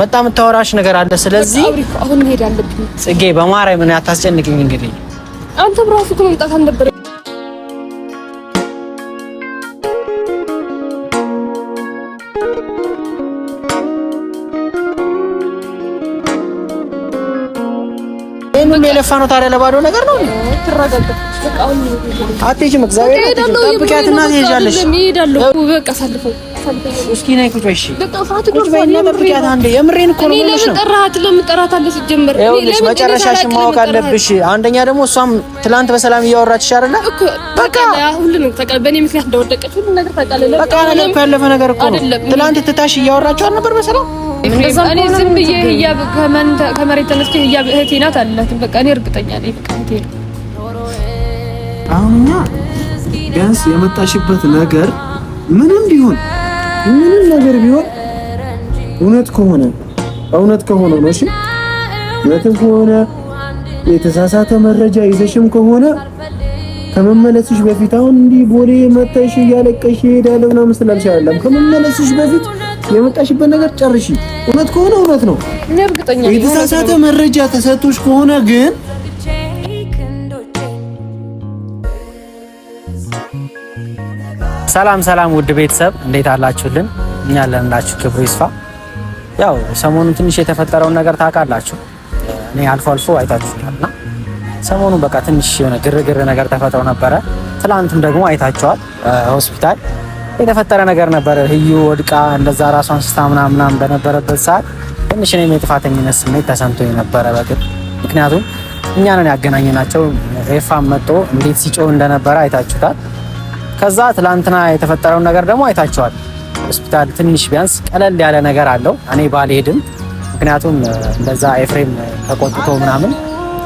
በጣም የምታወራሽ ነገር አለ። ስለዚህ አሁን መሄድ አለብኝ ጽጌ፣ በማርያም ምን አታስጨንቅኝ። እንግዲህ አንተ ብራሱ እኮ መምጣት አልነበረ ይህን የለፋ ነው ታዲያ ለባዶ ነገር ነው። አትሄጂም። እግዚአብሔር ይጠብቂያትና ትሄጃለሽ። እስኪ ነይ ቁጭ በይ። ቁጭ በይ እና ጠብቂያት አንዴ። የምሬን እኮ ነው። ይኸውልሽ መጨረሻሽን ማወቅ አለብሽ። አንደኛ ደግሞ እሷም ትናንት በሰላም እያወራችሽ አይደለ? በቃ ያለፈ ነገር እኮ ነው። ትናንት ትታሽ እያወራችሁ አልነበር በሰላም እኔ ዝም ብዬ ህያብ ከመሬት ተነስቼ ህያብ እህቴ ናት አልላትም። በቃ እኔ እርግጠኛ ነኝ። በቃ እህቴ ነው። አሁን እኛ ቢያንስ የመጣሽበት ነገር ምንም ቢሆን ምንም ነገር ቢሆን እውነት ከሆነ እውነት ከሆነ ነው እሺ፣ እውነትም ከሆነ የተሳሳተ መረጃ ይዘሽም ከሆነ ከመመለስሽ በፊት አሁን እንዲህ ቦሌ መጣሽ እያለቀሽ እሄዳለሁ ምናምን ስላልሽ አይደለም። ከመመለስሽ በፊት የመጣሽበት ነገር ጨርሺ። እውነት ከሆነ እውነት ነው። የተሳሳተ መረጃ ተሰጥቶሽ ከሆነ ግን ሰላም ሰላም ውድ ቤተሰብ እንዴት አላችሁልን? እኛ አለንላችሁ፣ ክብሩ ይስፋ። ያው ሰሞኑን ትንሽ የተፈጠረውን ነገር ታውቃላችሁ፣ እኔ አልፎ አልፎ አይታችሁታል ሰሞኑን በቃ ትንሽ የሆነ ግርግር ነገር ተፈጥሮ ነበረ። ትላንትም ደግሞ አይታችኋል፣ ሆስፒታል የተፈጠረ ነገር ነበረ። ህዩ ወድቃ እንደዛ ራሷን ስታ ምናምናም በነበረበት ሰዓት ትንሽ እኔም የጥፋተኝነት ስሜት ተሰምቶኝ ነበረ በግል ምክንያቱም እኛ ነን ያገናኘናቸው። ኤፋም መጥቶ እንዴት ሲጮህ እንደነበረ አይታችሁታል። ከዛ ትላንትና የተፈጠረውን ነገር ደግሞ አይታቸዋል ሆስፒታል ትንሽ ቢያንስ ቀለል ያለ ነገር አለው። እኔ ባልሄድም ምክንያቱም እንደዛ ኤፍሬም ተቆጥቶ ምናምን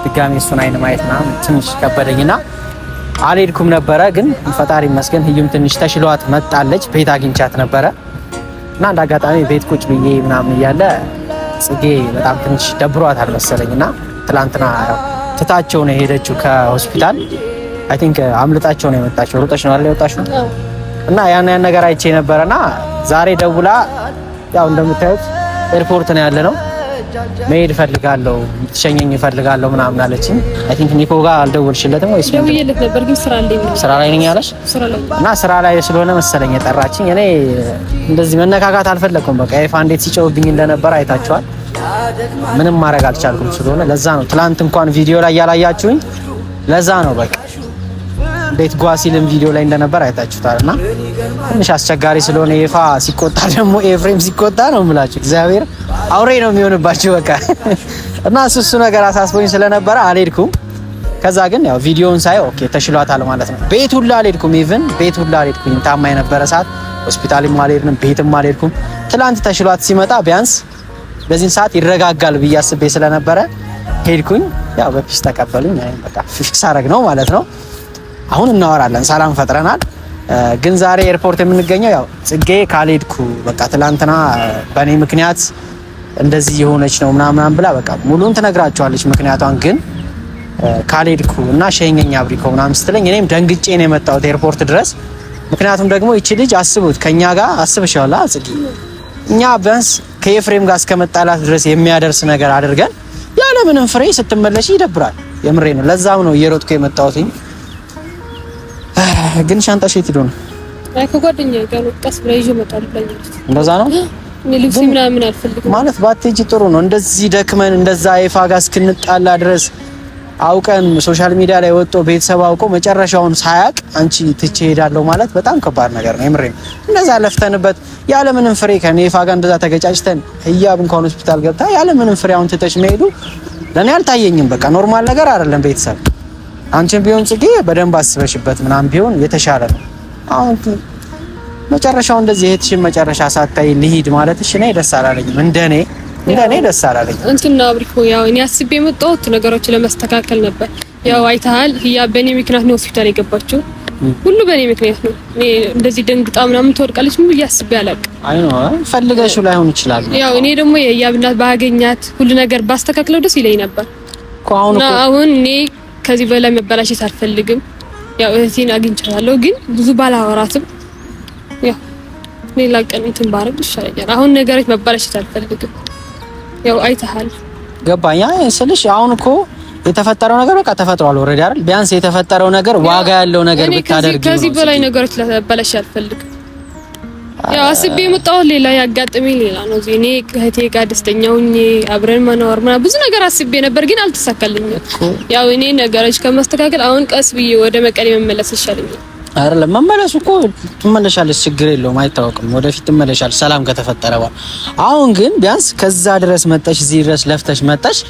ድጋሚ እሱን አይን ማየት ምናምን ትንሽ ከበደኝና አልሄድኩም ነበረ። ግን ፈጣሪ ይመስገን ህዩም ትንሽ ተሽሏት መጣለች። ቤት አግኝቻት ነበረ እና እንደ አጋጣሚ ቤት ቁጭ ብዬ ምናምን እያለ ጽጌ በጣም ትንሽ ደብሯት አልመሰለኝ እና ትላንትና ትታቸው ነው የሄደችው ከሆስፒታል አይ ቲንክ uh, አምልጣቸው ነው የመጣቸው። ሩጠሽ ነው አለ የወጣሽው? እና ያን ያን ነገር አይቼ ነበረና ዛሬ ደውላ ያው እንደምታዩት ኤርፖርት ነው ያለ ነው መሄድ እፈልጋለሁ ትሸኘኝ እፈልጋለሁ ምናምን አለችኝ። አይ ቲንክ ኒኮ ጋር አልደወልሽለትም ወይስ ይልክ ነበር ግን ስራ ላይ ስራ ላይ ነኝ አለሽ እና ስራ ላይ ስለሆነ መሰለኝ የጠራችኝ። እኔ እንደዚህ መነካካት አልፈለኩም። በቃ ኤፋ እንዴት ሲጨውብኝ እንደነበር አይታችኋል። ምንም ማድረግ አልቻልኩም ስለሆነ ለዛ ነው ትላንት እንኳን ቪዲዮ ላይ ያላያችሁኝ። ለዛ ነው በቃ ቤት ጓ ሲልም ቪዲዮ ላይ እንደነበር አይታችሁታል። እና ትንሽ አስቸጋሪ ስለሆነ ኤፋ ሲቆጣ ደግሞ ኤፍሬም ሲቆጣ ነው የምላችሁ እግዚአብሔር አውሬ ነው የሚሆንባችሁ በቃ። እና እሱ እሱ ነገር አሳስቦኝ ስለነበረ አልሄድኩም። ከዛ ግን ያው ቪዲዮውን ሳይ ኦኬ ተሽሏታል ማለት ነው። ቤት ሁላ አልሄድኩም፣ ኢቭን ቤት ሁላ አልሄድኩም። ታማ የነበረ ሰዓት ሆስፒታልም አልሄድንም፣ ቤትም አልሄድኩም። ትላንት ተሽሏት ሲመጣ ቢያንስ በዚህን ሰዓት ይረጋጋል ብዬ አስቤ ስለነበረ ሄድኩኝ። ያው በፊሽ ተቀበሉኝ። በቃ ፊክስ አረግ ነው ማለት ነው። አሁን እናወራለን። ሰላም ፈጥረናል። ግን ዛሬ ኤርፖርት የምንገኘው ያው ጽጌ ካልሄድኩ በቃ ትላንትና በእኔ ምክንያት እንደዚህ የሆነች ነው ምናምናም ብላ በቃ ሙሉን ትነግራቸዋለች ምክንያቷን። ግን ካልሄድኩ እና ሸኘኝ አብሪኮ ምናም ስትለኝ እኔም ደንግጬ ነው የመጣሁት ኤርፖርት ድረስ። ምክንያቱም ደግሞ ይቺ ልጅ አስቡት ከኛ ጋር አስብሻላ ጽጌ እኛ ቢያንስ ከኤፍሬም ጋር እስከመጣላት ድረስ የሚያደርስ ነገር አድርገን ያለምንም ፍሬ ስትመለሽ ይደብራል። የምሬ ነው። ለዛም ነው እየሮጥኩ የመጣሁትኝ። ግን ሻንጣ ሴት ሄዶ ነው? አይ ቀስ እንደዛ ነው አልፈልግም ማለት ባትሄጂ ጥሩ ነው። እንደዚህ ደክመን እንደዛ አይፋ ጋር እስክንጣላ ድረስ አውቀን ሶሻል ሚዲያ ላይ ወጥቶ ቤተሰብ አውቆ መጨረሻውን ሳያቅ አንቺ ትቼ ሄዳለሁ ማለት በጣም ከባድ ነገር ነው። የምሬን እንደዛ ለፍተንበት ያለምንም ፍሬ ከኔ ይፋ ጋር እንደዛ ተገጫጭተን ህያብ እንኳን ሆስፒታል ገብታ ያለምንም ፍሬ አሁን ትተሽ መሄዱ ለእኔ አልታየኝም። በቃ ኖርማል ነገር አይደለም ቤተሰብ አንቺን ቢሆን ጽጌ በደንብ አስበሽበት ምናምን ቢሆን የተሻለ ነው። አሁን መጨረሻው እንደዚህ የትሽን መጨረሻ ሳታይ ልሂድ ማለት እሺ፣ እኔ ደስ አላለኝም። እንደኔ እንደኔ ደስ አላለኝም። እንትና አብሪኮ፣ ያው እኔ አስቤ የመጣሁት ነገሮች ለመስተካከል ነበር። ያው አይተሃል፣ ህያ በእኔ ምክንያት ነው ሆስፒታል የገባችው። ሁሉ በእኔ ምክንያት ነው። እኔ እንደዚህ ደንግጣ ምናምን ትወድቃለች ምን ብዬ ያለቅ አይ ነው ፈልገሽው ላይሆን ይችላል። ያው እኔ ደግሞ የህያ ብናት ባገኛት ሁሉ ነገር ባስተካክለው ደስ ይለኝ ነበር። አሁን እኔ ከዚህ በላይ መበላሸት አልፈልግም። ያው እህቴን አግኝቻታለሁ፣ ግን ብዙ ባላወራትም ያው ሌላ ቀን እንትን ባረግ ይሻለኛል። አሁን ነገሮች መበላሸት አልፈልግም። ያው አይተሃል፣ ገባኛ ስልሽ አሁን እኮ የተፈጠረው ነገር በቃ ተፈጥሯል። ኦልሬዲ አይደል? ቢያንስ የተፈጠረው ነገር ዋጋ ያለው ነገር ብታደርግ ከዚህ በላይ ነገሮች ለበላሽ አልፈልግም። ያው አስቤ የመጣሁት ሌላ ያጋጠመኝ ሌላ ነው። እኔ ከእህቴ ጋር ደስተኛ ሆኜ አብረን መኖር ምናምን ብዙ ነገር አስቤ ነበር፣ ግን አልተሳካልኝም። ያው እኔ ነገሮች ከማስተካከል አሁን ቀስ ብዬ ወደ መቀሌ መመለስ ይሻለኛል። አረ መመለሱ እኮ ትመለሻለች፣ ችግር የለውም አይታወቅም። ወደፊት ትመለሻለች፣ ሰላም ከተፈጠረ በኋላ። አሁን ግን ቢያንስ ከዛ ድረስ መጠሽ እዚህ ድረስ ለፍተሽ መጠሽ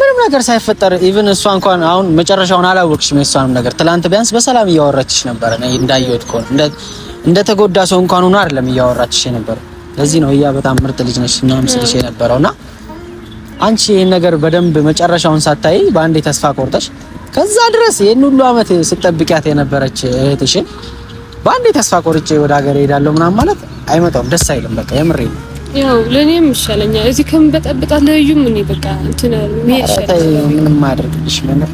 ምንም ነገር ሳይፈጠር ኢቭን እሷ እንኳን አሁን መጨረሻውን አላወቅሽም። የእሷንም ነገር ትላንት ቢያንስ በሰላም እያወረችሽ ነበረ እንዳየሁት ከሆነ እንደ ተጎዳ ሰው እንኳን ሆኖ አይደለም እያወራችሽ የነበረው። ለዚህ ነው እያ በጣም ምርጥ ልጅ ነሽ ምናምን ስልሽ የነበረውና አንቺ ይህን ነገር በደንብ መጨረሻውን ሳታይ በአንዴ ተስፋ ቆርጠሽ ከዛ ድረስ ይህን ሁሉ አመት ስጠብቂያት የነበረች እህትሽን በአንዴ ተስፋ ቆርጬ ወደ ሀገር ሄዳለሁ ምናምን ማለት አይመጣውም፣ ደስ አይልም። በቃ የምሬ ነው። ያው ለእኔም ይሻለኛል እዚህ ከምበጠብጣት ለዩም እኔ በቃ እንትን ምንም አያደርግልሽ ምንም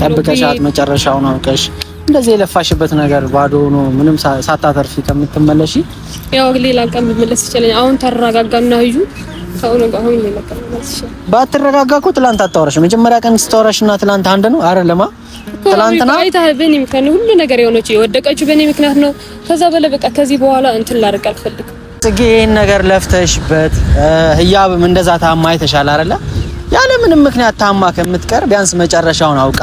ጠብቀሻት መጨረሻውን አውቀሽ እንደዚህ የለፋሽበት ነገር ባዶ ሆኖ ምንም ሳታተርፊ ከምትመለሽ ያው ሌላ ቀን ብመለስ ይችላል። አሁን ተረጋጋና እዩ ከሆነ ጋሁን ይመለስ ባትረጋጋ እኮ ትላንት አታወራሽ። መጀመሪያ ቀን ስታወራሽ እና ትላንት አንድ ነው አረ አይደለማ? ትላንትና አይታ በኔ ምክንያት ሁሉ ነገር የሆነች የወደቀችው በኔ ምክንያት ነው። ከዛ በለ በቃ ከዚህ በኋላ እንትን ላደርግ አልፈልግም። ጽጌ ይሄን ነገር ለፍተሽበት ህያብም እንደዛ ታማ አይተሻል አይደለ? ያለ ምንም ምክንያት ታማ ከምትቀር ቢያንስ መጨረሻውን አውቃ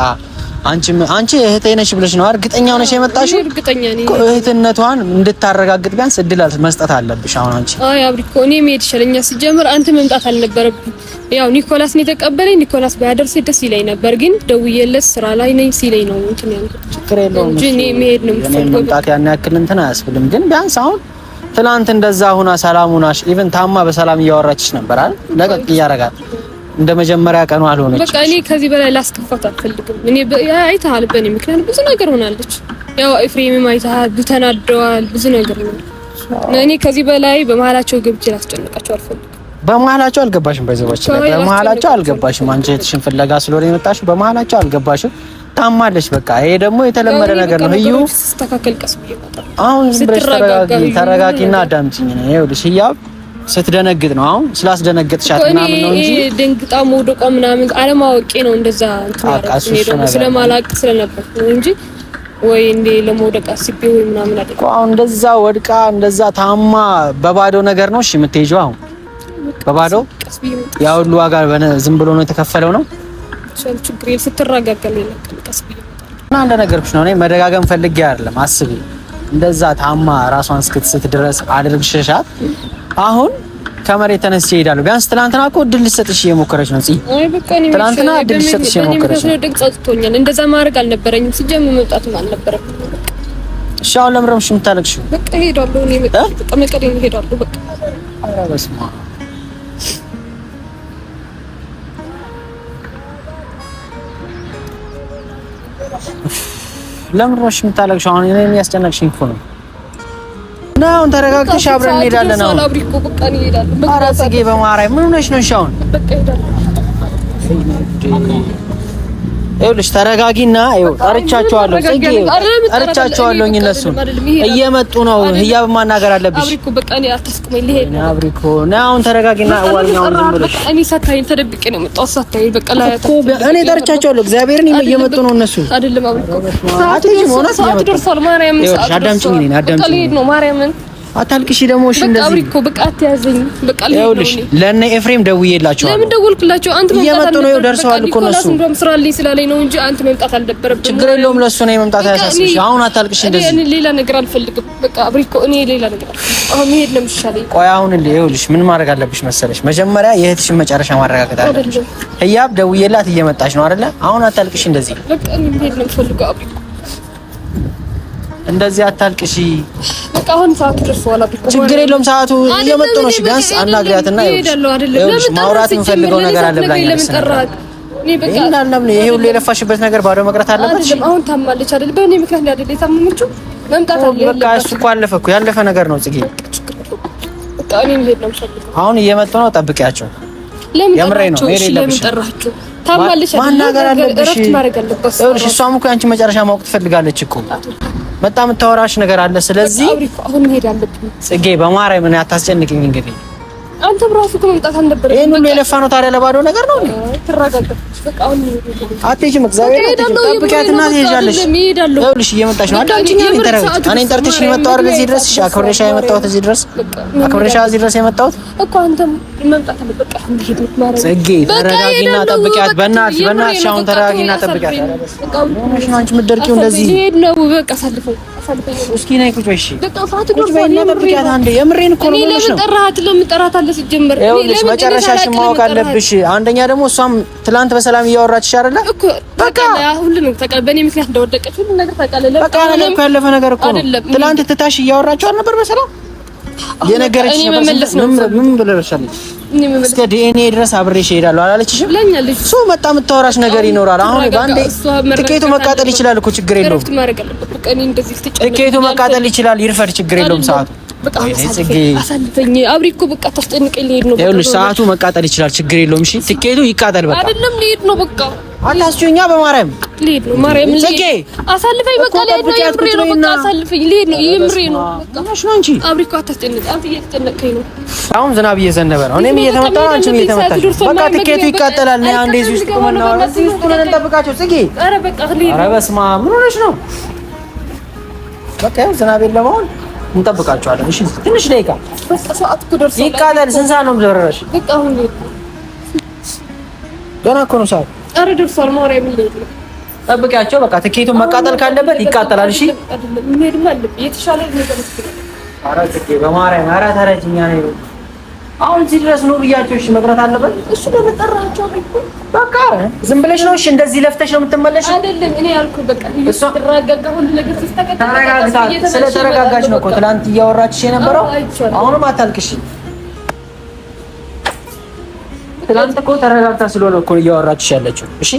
አንቺም አንቺ እህቴ ነሽ ብለሽ ነው እርግጠኛ ሆነሽ የመጣሽው። እርግጠኛ ነኝ እህትነቷን እንድታረጋግጥ ቢያንስ እድል መስጠት አለብሽ። አሁን አንቺ አይ አብሪኮ እኔ መሄድ ይሻለኛ። ሲጀምር አንተ መምጣት አልነበረብኝ። ያው ኒኮላስ ነው የተቀበለኝ። ኒኮላስ ባያደርስ ደስ ይለኝ ነበር፣ ግን ደውዬለት ስራ ላይ ነኝ ሲለኝ ነው እንትን ያልኩት። ችግር የለውም እንጂ እኔ መሄድ ነው የምፈልገው። መምጣት ያን ያክል እንትን አያስብልም፣ ግን ቢያንስ አሁን ትላንት እንደዛ ሁና ሰላም ሁናሽ ኢቭን ታማ በሰላም እያወራችሽ ነበር አይደል? ለቀቅ እያረጋል እንደ መጀመሪያ ቀኑ አልሆነች። በቃ እኔ ከዚህ በላይ ላስከፋት አልፈልግም። እኔ አይተሃል፣ በእኔ ምክንያት ብዙ ነገር ሆናለች። ያው ኤፍሬምም አይተሃል፣ ብተናደዋል፣ ብዙ ነገር ነው። እኔ ከዚህ በላይ በመሀላቸው ገብቼ ላስጨንቃቸው አልፈልግም። በመሀላቸው አልገባሽም፣ በዘባች በመሀላቸው አልገባሽም። አንቺ እህትሽን ፍለጋ ስለሆነ የመጣሽው በመሀላቸው አልገባሽም። ታማለች። በቃ ይሄ ደግሞ የተለመደ ነገር ነው። እዩ አሁን ዝም ብለሽ ተረጋጊ፣ ተረጋጊና አዳምጪኝ ነው ይኸውልሽ ህያብ ስትደነግጥ ነው። አሁን ስላስደነገጥሻት ምናምን ነው እንጂ ደንግጣ መውደቋ ምናምን አለማወቄ ነው። እንደዛ ስለማላቅ ስለነበር ነው እንጂ ወይ እንዴ ለመውደቅ አስቤ ወይ ምናምን አደረኩ። አሁን እንደዛ ወድቃ እንደዛ ታማ በባዶ ነገር ነው እሺ የምትሄጂው። አሁን በባዶ ያ ሁሉ ዋጋ ዝም ብሎ ነው የተከፈለው ነው። ችግር ስትረጋገል እና እንደነገርኩሽ ነው። እኔ መደጋገም ፈልጌ አይደለም አስቤ እንደዛ ታማ ራሷን እስክትስት ድረስ አድርግሽሻት አሁን ከመሬት ተነስቼ እሄዳለሁ። ቢያንስ ትናንትና እኮ ድል ልሰጥሽ እየሞከረች ነው። ጽይ ትናንትና ድል ልሰጥሽ እየሞከረች ነው። ድል ጸጥቶኛል። እንደዛ ማድረግ አልነበረኝም። ሲጀምር መምጣትም አልነበረብኝ። እሺ አሁን ለምረምሽ የምታለቅሽው በቃ እሄዳለሁ። እኔ በቃ መቀሌ እሄዳለሁ። በቃ ኧረ በስመ አብ ለምረምሽ የምታለቅሽው አሁን እኔ የሚያስጨነቅሽኝ እኮ ነው። ና አሁን ተረጋግተሽ አብረን እንሄዳለን። አሁን ኧረ ጽጌ በማርያም ምን ሆነሽ ነው? እሺ አሁን ይኸውልሽ ተረጋጊና፣ ይኸው ጠርቻቸዋለሁ፣ ጽጌ ጠርቻቸዋለሁኝ። እየመጡ ነው። ህያብ ማናገር አለብሽ። አብሪኮ በቃ እኔ አታስቁመኝ። ልሄድ ነው። አብሪኮ አሁን ተረጋጊና፣ ዝም ብለሽ እኔ ሳታይኝ ተደብቄ ነው የመጣሁት። ሳታይኝ በቃ ላይ እኔ ጠርቻቸዋለሁ። እግዚአብሔርን እየመጡ ነው እነሱ። አይደለም አብሪኮ ሰዓት ደርሷል። ማርያምን ሰዓት አዳምጪኝ፣ እኔን አዳምጪኝ። ልሄድ ነው ማርያምን አታልቅሽ ደግሞ። እሺ እንደዚህ በቃ ብሪኮ በቃ አትያዘኝ። በቃ ይኸውልሽ፣ ለእነ ኤፍሬም ደውዬላቸው ለምን ደወልኩላቸው? አንተ መምጣት ነው ደርሰዋል እኮ እነሱ እንደውም ስራ ላይ ስላለኝ ነው እንጂ አንተ መምጣት አልነበረብህም። ችግር የለውም ለሱ ነው መምጣት አያሳስብሽ። አሁን አታልቅሽ እንደዚህ። እኔ ሌላ ነገር አልፈልግም። በቃ ብሪኮ፣ እኔ ሌላ ነገር አሁን መሄድ ነው የሚሻለኝ። ቆይ አሁን ይኸውልሽ፣ ምን ማድረግ አለብሽ መሰለሽ? መጀመሪያ የእህትሽን መጨረሻ ማረጋገጥ አለብሽ። ህያብ ደውዬላት እየመጣች ነው አይደለ? አሁን አታልቅሽ እንደዚህ። በቃ እኔ መሄድ ነው የምፈልገው አብሪ። እንደዚህ አታልቅሽ። አሁን ሰዓቱ ደርሷል። ችግር የለውም ሰዓቱ እየመጡ ነው። እሺ ቢያንስ አናግሪያትና ማውራት የምፈልገው ነገር አለ ብላኝ ይሄ ሁሉ የለፋሽበት ነገር ባዶ መቅረት አለበት። አሁን ታማለች አይደል? በእኔ ምክንያት አይደል የታመመችው። መምጣት አለበት። በቃ እሱ እኮ አለፈ እኮ ያለፈ ነገር ነው። ጽጌ አሁን እየመጡ ነው። ጠብቂያቸው። የምሬ ነው። ታማለች አይደል? ማናገር አለብሽ። እሷም እኮ ያንቺ መጨረሻ ማወቅ ትፈልጋለች እኮ በጣም የምታወራሽ ነገር አለ። ስለዚህ ጽጌ በማርያም ምን አታስጨንቅኝ እንግዲህ አንተ ብራሱ ከመምጣት አልነበረ። ይሄን ሁሉ የለፋ ነው ታዲያ ለባዶ ነገር ነው። ትረጋጋ። በቃ አሁን አትሄጂም። እግዚአብሔር ጠብቂያትና ትሄጃለሽ። ይኸውልሽ እየመጣሽ ነው። አዳምጪኝ። እኔን ጠርተሽ አይደል? እዚህ ድረስ አክብሬሻ የመጣሁት እዚህ ድረስ አክብሬሻ እዚህ ድረስ የመጣሁት እኮ አንተም ተረጋጊና ጠብቂያት። በእናትሽ በእናትሽ አሁን ተረጋጊና ጠብቂያት። ነው አንቺ የምትደርቂው እንደዚህ? ነው በቃ አሳልፈው እስኪ ነይ ቁጭ በይ። እሺ ቁጭ በይ እና ጠብቂያት አንዴ። የምሬን እኮ ነው። ለምን ጠራሃት? ለምን ጠራታለህ? ሲጀመር መጨረሻሽን ማወቅ አለብሽ። አንደኛ ደግሞ እሷም ትላንት በሰላም እያወራችሽ አይደለ በቃ ሁሉንም ታውቃለህ። በእኔ ምክንያት እንደወደቀች ሁሉ ነገር ታውቃለህ። በቃ ያለፈ ነገር እኮ ነው። ትላንት ትታሽ እያወራችሁ አልነበር በሰላም የነገረች እስከ ዲኤንኤ ድረስ አብሬሽ እሄዳለሁ አላለችሽም? እሱ መጣ የምታወራሽ ነገር ይኖራል። አሁን በአንዴ ትኬቱ መቃጠል ይችላል እኮ ችግር የለውም። ትኬቱ መቃጠል ይችላል፣ ይርፈድ፣ ችግር የለውም። ሰዓቱ ሰዓቱ መቃጠል ይችላል፣ ችግር የለውም። ትኬቱ ይቃጠል በቃ አታስችሁኛ በማርያም ልሄድ አሁን ዝናብ እየዘነበ ነው። እኔም እየተመታ ነው፣ አንቺም እየተመታ ነው። በቃ ትኬቱ ይቃጠላል። ነይ አንዴ እዚህ ውስጥ ቁመና እዚህ ውስጥ ሆነን እንጠብቃቸው። ጽጌ፣ ኧረ በቃ ልሄድ። ኧረ በስመ አብ ምን ሆነሽ ነው? በቃ ያው ዝናብ የለም አሁን እንጠብቃቸዋለን። እሺ ትንሽ ደቂቃ ይቃጠል። ስንት ሰዓት ነው የምትበረረሽ? ገና እኮ ነው ሰዓት ኧረ ደርሷል። ማርያምን ልሂድ። ጠብቂያቸው። በቃ ትኬቱን መቃጠል ካለበት ይቃጠላል። እሺ አሁን እዚህ ድረስ ነው ብያቸው። እሺ መቅረት አለበት እሱ ለመጠራቸው በቃ ዝም ብለሽ ነው። እሺ እንደዚህ ለፍተሽ ነው የምትመለሽ አይደለም። እኔ ያልኩህ በቃ ስለተረጋጋች ነው እኮ ትናንት እያወራችሽ የነበረው። አሁንም አታልቅሽ ትላንት እኮ ተረጋግታ ስለሆነ እኮ እያወራችሽ ያለችው እሺ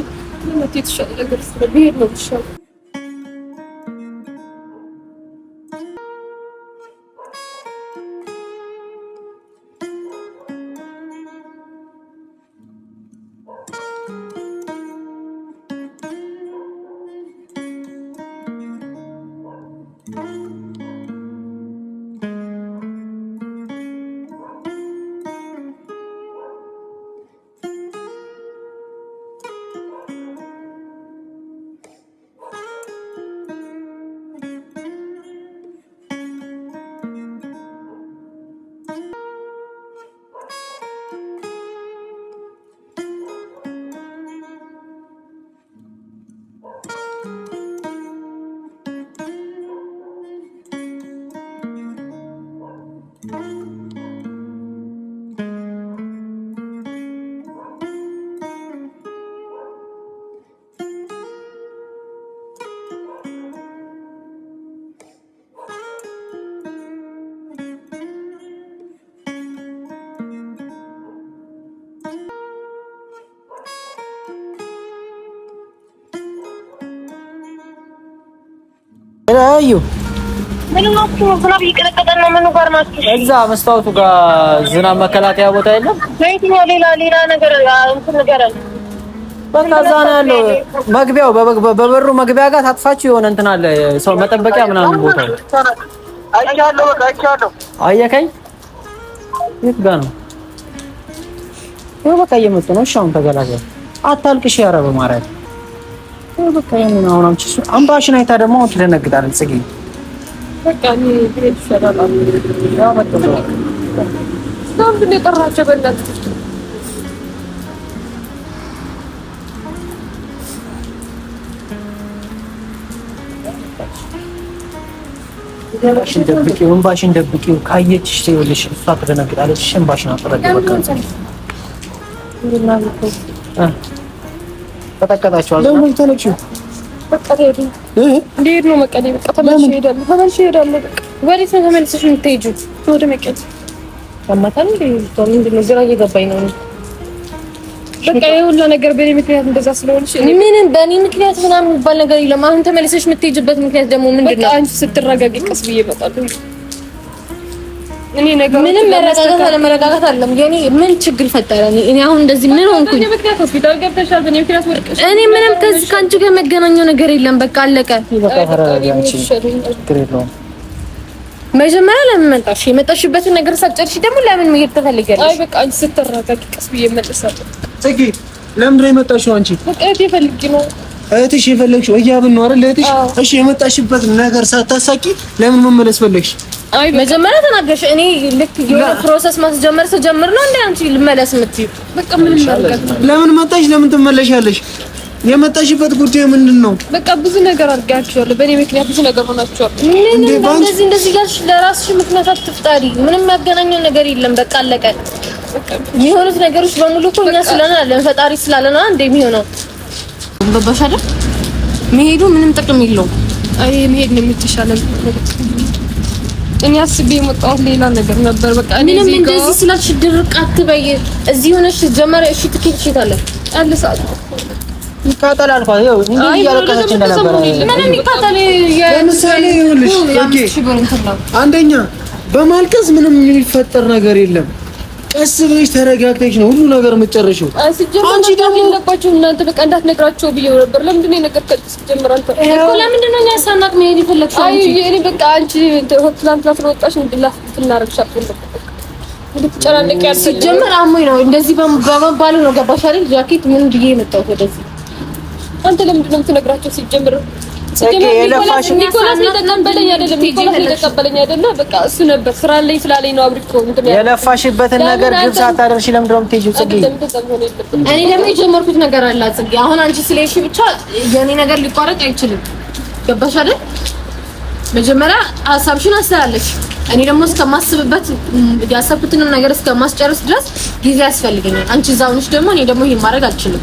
ተለያዩ። እዛ መስታወቱ ጋር ዝናብ መከላከያ ቦታ የለም። ሌላ ሌላ ነገር በቃ እዛ ነው ያለው። መግቢያው በበሩ መግቢያ ጋር ታጥፋችሁ የሆነ እንትን አለ፣ ሰው መጠበቂያ ምናምን ቦታ አይቻለሁ። አይቻለሁ። አየከኝ የት ጋር ነው? ይኸው በቃ እየመጡ ነው። እሺ አሁን ተገላገል። አታልቅሽ። ኧረ በማርያም በቃ ይሄን አሁን አንቺ አምባሽን አይታ ደግሞ ትደነግጣለች። ጽጌ በቃ እኔ ብሬት ይሻላል አሉ ያው መጣ ነው የጠራቸው በእናትህ እምባሽን ደብቂው፣ እምባሽን ደብቂው። ካየችሽ ይኸውልሽ፣ እሷ ትደነግጣለች። እሺ እምባሽን አጥረጊ በቃ ቀጠቀጣችኋል። ለምን ተነጭ እንዴት ነው መቀሌ? በቃ ተመልሼ እሄዳለሁ፣ ተመልሼ እሄዳለሁ። ወዴት ነው ተመልሰሽ የምትሄጂው? ወደ መቀሌ ያማታል። ምንድን ነው ግራ እየገባኝ ነው። በቃ የሁላ ነገር በእኔ ምክንያት እንደዛ ስለሆንሽ ምንም በእኔ ምክንያት ምናምን የሚባል ነገር የለም። አሁን ተመልሰሽ የምትሄጂበት ምክንያት ደግሞ ምንድን ነው? አንቺ ስትረጋጊ ቀስ ብዬ እመጣለሁ። እኔ ነገር ምንም መረጋጋት አለ መረጋጋት አለም። የኔ ምን ችግር ፈጠረ? እኔ አሁን እንደዚህ ምን ሆንኩኝ? እኔ ምንም ከዚህ ከአንቺ ጋር መገናኘው ነገር የለም። በቃ አለቀ። መጀመሪያ ለምን መጣሽ? የመጣሽበትን ነገር ሳጨርሽ ደግሞ ለምን መሄድ ትፈልጊያለሽ? አይ በቃ አንቺ ስትረጋጊ ቀስ ብዬ እመለሳለሁ። ጽጌ ለምንድን ነው የመጣሽው አንቺ? በቃ እቴ ፈልጊ ነው እህትሽ የፈለግሽው ህያብን ነው አይደል? እህትሽ እሺ፣ የመጣሽበት ነገር ሳታሳቂ ለምን መመለስ ፈለግሽ? አይ መጀመሪያ ተናገርሽ። እኔ ልክ የሆነ ፕሮሰስ ማስጀመር ስጀምር ነው እንዴ አንቺ ልመለስ የምትይው? በቃ ምን ምንም ለምን መጣሽ? ለምን ትመለሻለሽ? የመጣሽበት ጉዳይ ምንድን ነው? በቃ ብዙ ነገር አድርጋችኋለሁ። በእኔ ምክንያት ብዙ ነገር ሆናችኋል። እንደዚህ እንደዚህ እያልሽ ለራስሽ ምክንያት አትፍጣሪ። ምንም ያገናኘው ነገር የለም። በቃ አለቀ። የሆኑት ነገሮች በሙሉ እኮ እኛ ስለና ለፈጣሪ ስላለና እንዴ የሚሆነው ገባሽ አይደል? መሄዱ ምንም ጥቅም የለውም። አይ መሄድ ነው የምትሻለው። እኔ አስቤ የመጣሁት ሌላ ነገር ነበር። በቃ እኔ ምንም እንደዚህ ስላልሽ ድርቅ አትበይ። እዚህ ሆነሽ ጀመረ። እሺ ትኬት እሺ ታለ አልሳት ይቃጠል አልኳት። ይኸው እንዴ እያለቀሰች እንደነበረ ምንም ይቃጠል። ለምሳሌ ይኸውልሽ፣ ኦኬ አንደኛ በማልቀስ ምንም የሚፈጠር ነገር የለም። ቀስ ብለሽ ተረጋግተሽ ነው ሁሉ ነገር የምትጨርሺው። አንቺ ደግሞ የለባችሁ እናንተ በቃ እንዳትነግራቸው ብዬው ነበር። ለምንድን ነው የነገርከው? ስትጀምር አይ እኔ በቃ አንቺ ነው እንደዚህ በመባሉ ነው ገባሽ ጃኬት ምን ብዬ የመጣሁት አንተ ለምንድን ነው የምትነግራቸው ሲጀምር ኒኮላስ የለፋሽበትን ነገር ግብ ሳታደርሺ ለምንድን ነው የምትሄጂው? ጽጌ፣ እኔ ደግሞ የጀመርኩት ነገር አለ ጽጌ። አሁን አንቺ ስለሽ ብቻ የኔ ነገር ሊቋረጥ አይችልም። ገባሽ አይደል? መጀመሪያ ሀሳብሽን አስተላለፍሽ። እኔ ደግሞ እስከማስብበት ያሰብኩትንም ነገር እስከማስጨርስ ድረስ ጊዜ ያስፈልገኛል። አንቺ እዛ ሆነሽ ደግሞ እኔ ደግሞ ይሄን ማድረግ አልችልም።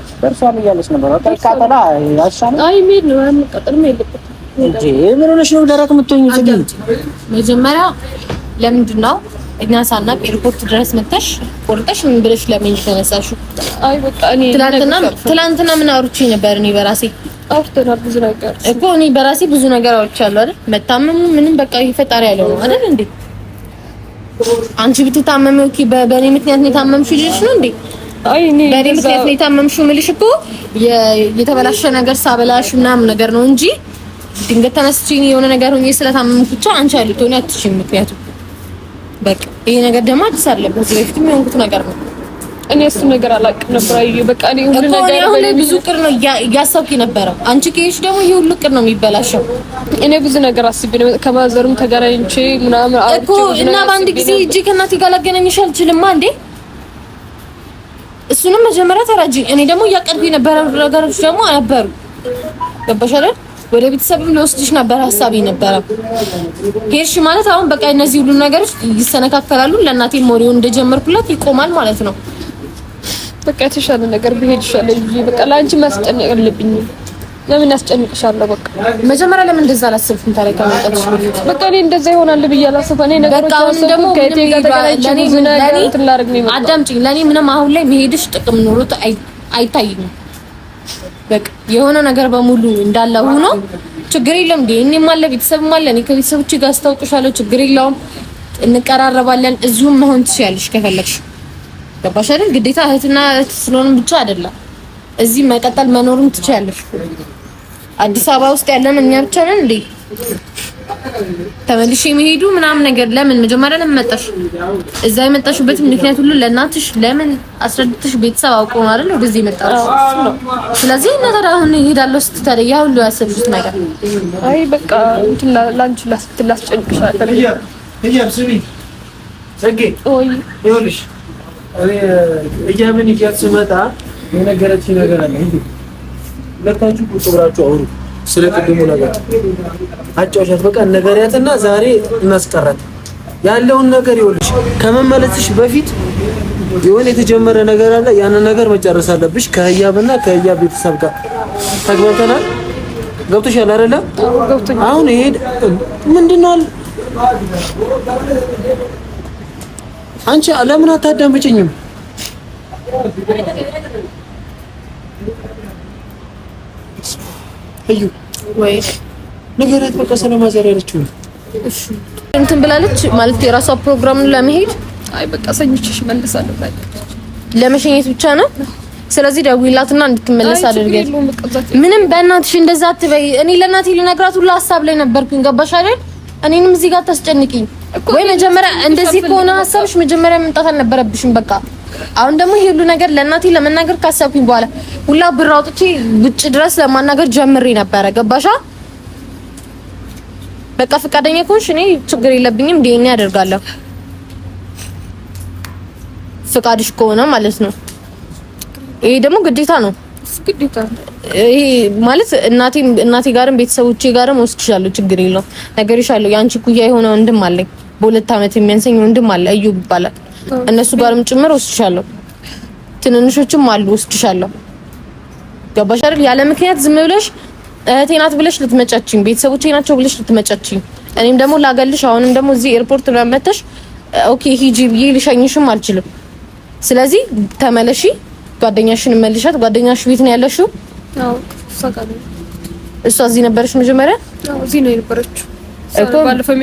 እርሷም እያለች ነበር። በቃ ይቃጠላ ያሻነ አይ ምን ሆነሽ ነው ደረቅ የምትሆኝ? መጀመሪያ ለምንድን ነው እኛ ሳናቅ ኤርፖርት ድረስ መተሽ ቆርጠሽ ምን ብለሽ ለምን ተነሳሽ? አይ በቃ እኔ ትናንትና ትናንትና ምን አውርቼ ነበር? እኔ በራሴ አውርተናል ብዙ ነገር እኮ እኔ በራሴ ብዙ ነገር አውርቻለሁ አይደል? መታመሙ ምንም በቃ ይፈጣሪ ያለው ነው አይደል እንዴ? አንቺ ብትታመሚ ኦኬ፣ በእኔ ምክንያት ነው የታመምሽ ልጅሽ ነው እንዴ? አይ እኔ በእኔ ምክንያት ነው የታመምሽው የምልሽ እኮ የተበላሸ ነገር ሳበላሽ ምናምን ነገር ነው እንጂ ድንገት ተነስቼ የሆነ ነገር ሆኜ ስለታመምኩ ብቻ አንቺ ልትሆኚ አትችይም። ምክንያቱም በቃ ይሄ ነገር ደግሞ አዲስ አይደለም፣ ከዚህ በፊትም የሆንኩት ነገር ነው። እኔ እሱ ነገር አላውቅም ነበር። አይ በቃ እኔ ሁሉ ነገር ነው እኔ ብዙ ቅር ነው እያሰብኩ የነበረው። አንቺ ከሄድሽ ደግሞ ይሄ ሁሉ ቅር ነው የሚበላሸው። እኔ ብዙ ነገር አስቤ ነው ከማዘሩም ተገናኝቼ ምናምን አውርቼ እኮ እና በአንድ ጊዜ እጅ ከእናቴ ጋር ላገናኝሽ አልችልማ እንዴ እሱንም መጀመሪያ ተረጂ። እኔ ደግሞ እያቀድኩ የነበረ ነገሮች ደግሞ ነበሩ። ገባሽ አይደል? ወደ ቤተሰብም ልወስድሽ ነበር ሀሳቤ ነበረ። ሄድሽ ማለት አሁን በቃ እነዚህ ሁሉ ነገሮች ይሰነካከላሉ። ለእናቴ ሞሪውን እንደጀመርኩላት ይቆማል ማለት ነው። በቃ የተሻለ ነገር ብሄድ ይሻለ። በቃ ለአንቺ ማስጨነቅ ለምን ያስጨንቅሻለሁ? በቃ መጀመሪያ ለምን እንደዛ አላሰብኩም? ታሪካ ማቀጥሽ በቃ እኔ እንደዛ ይሆናል ብዬ አላሰብኩም። እኔ ነገሮች ደግሞ ከቴጋ ተቀላጭኝ ምን አይነት ላርግ ነው አዳምጪኝ። ለኔ ምንም አሁን ላይ መሄድሽ ጥቅም ኑሮት አይታይም። በቃ የሆነ ነገር በሙሉ እንዳለ ሆኖ ችግር የለም ዲ እኔም አለ ቤተሰብም አለ። እኔ ከቤተሰቦቼ ጋር አስታውቅሻለሁ። ችግር የለውም፣ እንቀራረባለን። እዚሁም መሆን ትችያለሽ ከፈለግሽ። ገባሽ አይደል? ግዴታ እህትና እህት ስለሆነ ብቻ አይደለም፣ እዚህ መቀጠል መኖርም ትችያለሽ። አዲስ አበባ ውስጥ ያለን እኛ ብቻ ነን እንዴ? ተመልሽ የሚሄዱ ምናምን ነገር ለምን መጀመሪያ ለምን መጣሽ? እዛ የመጣሽበት ምክንያት ሁሉ ለእናትሽ ለምን አስረድተሽ ቤተሰብ አውቆ ነው አይደል ወደዚህ የመጣሽ? ስለዚህ ነገር አሁን ይሄዳለሁ ስትታለ ያ ሁሉ ያሰብሽ ነገር አይ በቃ እንትን ላንቺ ላስጨንቅሽ አይደል? እያ ስሚ ፅጌ፣ ኦይ ይኸውልሽ እያ ምን ይያስመጣ የነገረችኝ ነገር አለ እንዴ ሁለታችሁ ቁጭ ብላችሁ አውሩ። ስለ ቅድሙ ነገር አጫውሻት በቃ ነገሪያትና ዛሬ እናስቀራት ያለውን ነገር ይኸውልሽ፣ ከመመለስሽ በፊት የሆነ የተጀመረ ነገር አለ። ያንን ነገር መጨረስ አለብሽ ከህያብና ከህያብ ቤተሰብ ጋር ተግባብተናል። ገብቶሻል አይደለ? አሁን ይሄ ምንድነው? አንቺ ለምን አታዳምጪኝም? እዩ ወይ ነገራት በቃ ሰላም አዘር ያለችው እንትን ብላለች ማለት የራሷ ፕሮግራም ለመሄድ አይ በቃ ሰኞችሽ መልሳለሁ ለመሸኘት ብቻ ነው። ስለዚህ ደውላትና እንድትመለስ አድርገኝ። ምንም በእናትሽ እንደዛ አትበይ። እኔ ለእናቴ ልነግራት ሁሉ ሀሳብ ላይ ነበርኩኝ። ገባሽ አይደል? እኔንም እዚህ ጋር ታስጨንቂኝ ወይ? መጀመሪያ እንደዚህ ከሆነ ሀሳብሽ መጀመሪያ መምጣት አልነበረብሽም። በቃ አሁን ደግሞ ይሄ ሁሉ ነገር ለእናቴ ለመናገር ካሰብኩኝ በኋላ ሁላ ብር አውጥቼ ውጭ ድረስ ለማናገር ጀምሬ ነበረ። ገባሻ? በቃ ፈቃደኛ ከሆንሽ እኔ ችግር የለብኝም። ዲኤንኤ ያደርጋለሁ ፍቃድሽ ከሆነ ማለት ነው። ይሄ ደግሞ ግዴታ ነው። ግዴታ ይሄ ማለት እናቴ እናቴ ጋርም ቤተሰቦቼ ጋርም ወስድሻለሁ። ችግር የለውም። ነገርሽ አለው። ያንቺ ኩያ የሆነ ወንድም አለኝ። በሁለት ዓመት የሚያንሰኝ ወንድም አለ እዩ ይባላል። እነሱ ጋርም ጭምር ወስድሻለሁ። ትንንሾችም አሉ ወስድሻለሁ። ገባሽ አይደል? ያለ ምክንያት ዝም ብለሽ እህቴ ናት ብለሽ ልትመጫችኝ፣ ቤተሰቦቼ ናቸው ብለሽ ልትመጫችኝ፣ እኔም ደግሞ ላገልሽ። አሁንም ደግሞ እዚህ ኤርፖርት መተሽ ኦኬ ሂጂ ብዬ ልሸኝሽም አልችልም። ስለዚህ ተመለሺ፣ ጓደኛሽን መልሻት። ጓደኛሽ ቤት ነው ያለሽው? አዎ፣ እሷ እዚህ ነበረች መጀመሪያ? አዎ፣ እዚህ ነው የነበረችው። ባለፈው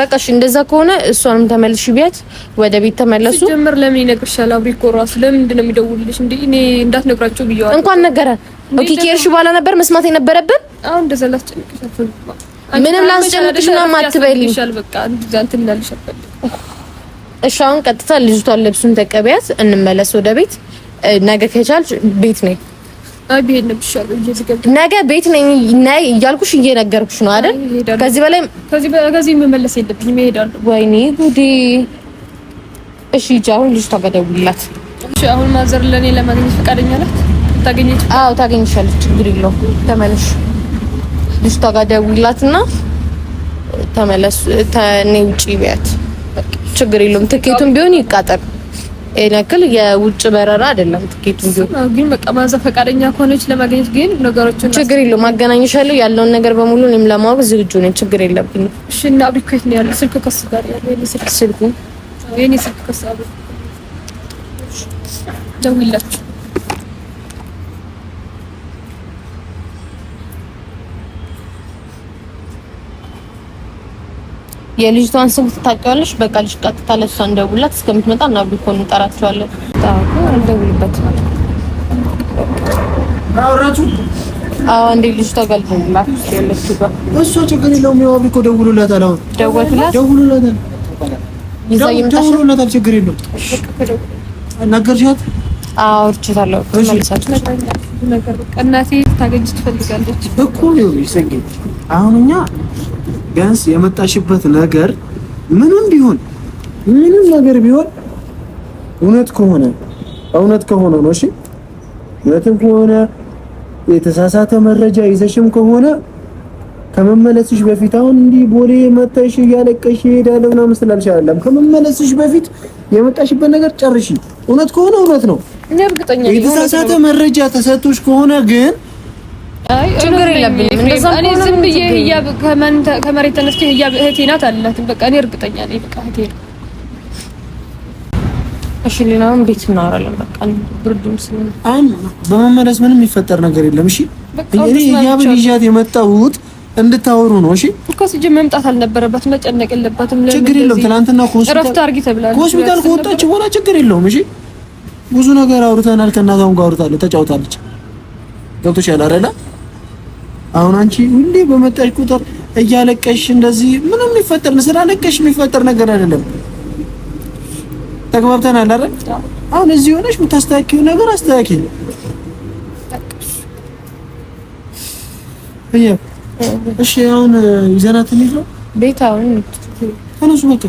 በቃ እሺ፣ እንደዛ ከሆነ እሷንም ተመልሽ ቢያት ወደ ቤት ተመለሱ። ጀምር ለምን ይነግርሻል? አብሪ እኮ እራሱ ለምንድን ነው የሚደውልልሽ? እንደ እኔ እንዳትነግራቸው ብየዋል። እንኳን ነገረ ኦኬ፣ ኬርሽ በኋላ ነበር መስማት የነበረብን። አሁን እንደዛ ላስጨንቅሽ ምንም ላስጨንቅሽ ነው የማትበይልኝ። በቃ እንደዛ እንትን እሺ፣ አሁን ቀጥታ ልጅቷን ልብሱን ተቀበያት፣ እንመለስ ወደ ቤት። ነገ ከቻልሽ ቤት ነኝ ነገ ቤት ነኝ ነይ እያልኩሽ እየነገርኩሽ ነው አይደል? ከዚህ በላይ ከዚህ መመለስ የለብኝም። እሄዳለሁ። ወይኔ ጉዴ። እሺ ሂጂ። አሁን ልጅቷ ጋር ደውልላት። እሺ። አሁን ማዘር ለኔ ለማግኘት ፈቃደኛ ናት? ታገኘች? አዎ ታገኝሻለች። ችግር የለውም። ተመለሽ። ልጅቷ ጋር ደውልላትና ተመለስ። ተኔ ውጪ ቢያት ችግር የለውም። ትኬቱን ቢሆን ይቃጠል። ያክል የውጭ በረራ አይደለም። ትኬቱ ግን በቃ ማዘ ፈቃደኛ ከሆነች ለማግኘት ግን ነገሮችን ችግር የለውም አገናኝሻለሁ። ያለውን ነገር በሙሉ እኔም ለማወቅ ዝግጁ ነኝ። ችግር የለብኝ። እሺ። እና ሪኩዌስት ነው ያለው ስልክ ከሱ ጋር ያለው ስልክ ስልኩ የኔ ስልክ ከሱ ጋር ደውላችሁ የልጅቷን ስም ታውቂዋለሽ? በቃ ልጅ ቀጥታ ለሷ እንደውላት እስከምትመጣ እና ብልኮ እንጠራቸዋለን። ታውቁ እንደውልበት አውራቱ አዎ፣ እንደ ልጅቷ ጋር ልደውልላት እሷ ችግር የለውም። ያው ብልኮ ደውሉላታል። አሁን ደውሉላት፣ ደውሉላታል፣ ደውሉላታል። ችግር የለውም። ነገርሻት? አዎ፣ ነገር ቀናሴ ታገኝሽ ትፈልጋለች እኮ ነው። ይሰግድ አሁን እኛ ቢያንስ የመጣሽበት ነገር ምንም ቢሆን ምንም ነገር ቢሆን እውነት ከሆነ እውነት ከሆነ ነው። እሺ እውነትም ከሆነ የተሳሳተ መረጃ ይዘሽም ከሆነ ከመመለስሽ በፊት አሁን እንዲህ ቦሌ መጣሽ እያለቀሽ እሄዳለሁ ምናምን ስላልሽ አይደለም። ከመመለስሽ በፊት የመጣሽበት ነገር ጨርሽ እውነት ከሆነ እውነት ነው። የተሳሳተ መረጃ ተሰጥቶሽ ከሆነ ግን ችግር የለብኝም። ከመሬት ተነስቼ ህያብ እህቴ ናት አልላትም። በቃ እኔ እርግጠኛ ነኝ። በቃ እህቴ ነው። እሺ ሌላውን ቤት እናወራለን። በቃ ብርዱም ስለሆነ በመመለስ ምንም የሚፈጠር ነገር የለም። እሺ እኔ ህያብን ይዣት የመጣሁት እንድታወሩ ነው። እሺ እኮ ስጅ መምጣት አልነበረባትም። መጨነቅ የለባትም። ችግር የለውም። ትናንትና እረፍት አድርጊ ተብላለች። ከሆስፒታል ከወጣች በኋላ ችግር የለውም። እሺ ብዙ ነገር አውርተናል። ከእናቷም ጋር አውርታለች፣ ተጫውታለች። ገብቶሻል አይደል? አሁን አንቺ ሁሌ በመጣሽ ቁጥር እያለቀሽ እንደዚህ ምንም የሚፈጠር ስላለቀሽ የሚፈጠር ነገር አይደለም። ተግባብተናል አይደል? አሁን እዚህ ሆነሽ የምታስተካክይው ነገር አስተካክይ። እሺ፣ አሁን ይዘናት እንሂድ ነው ቤት አሁን ተነሱ በቃ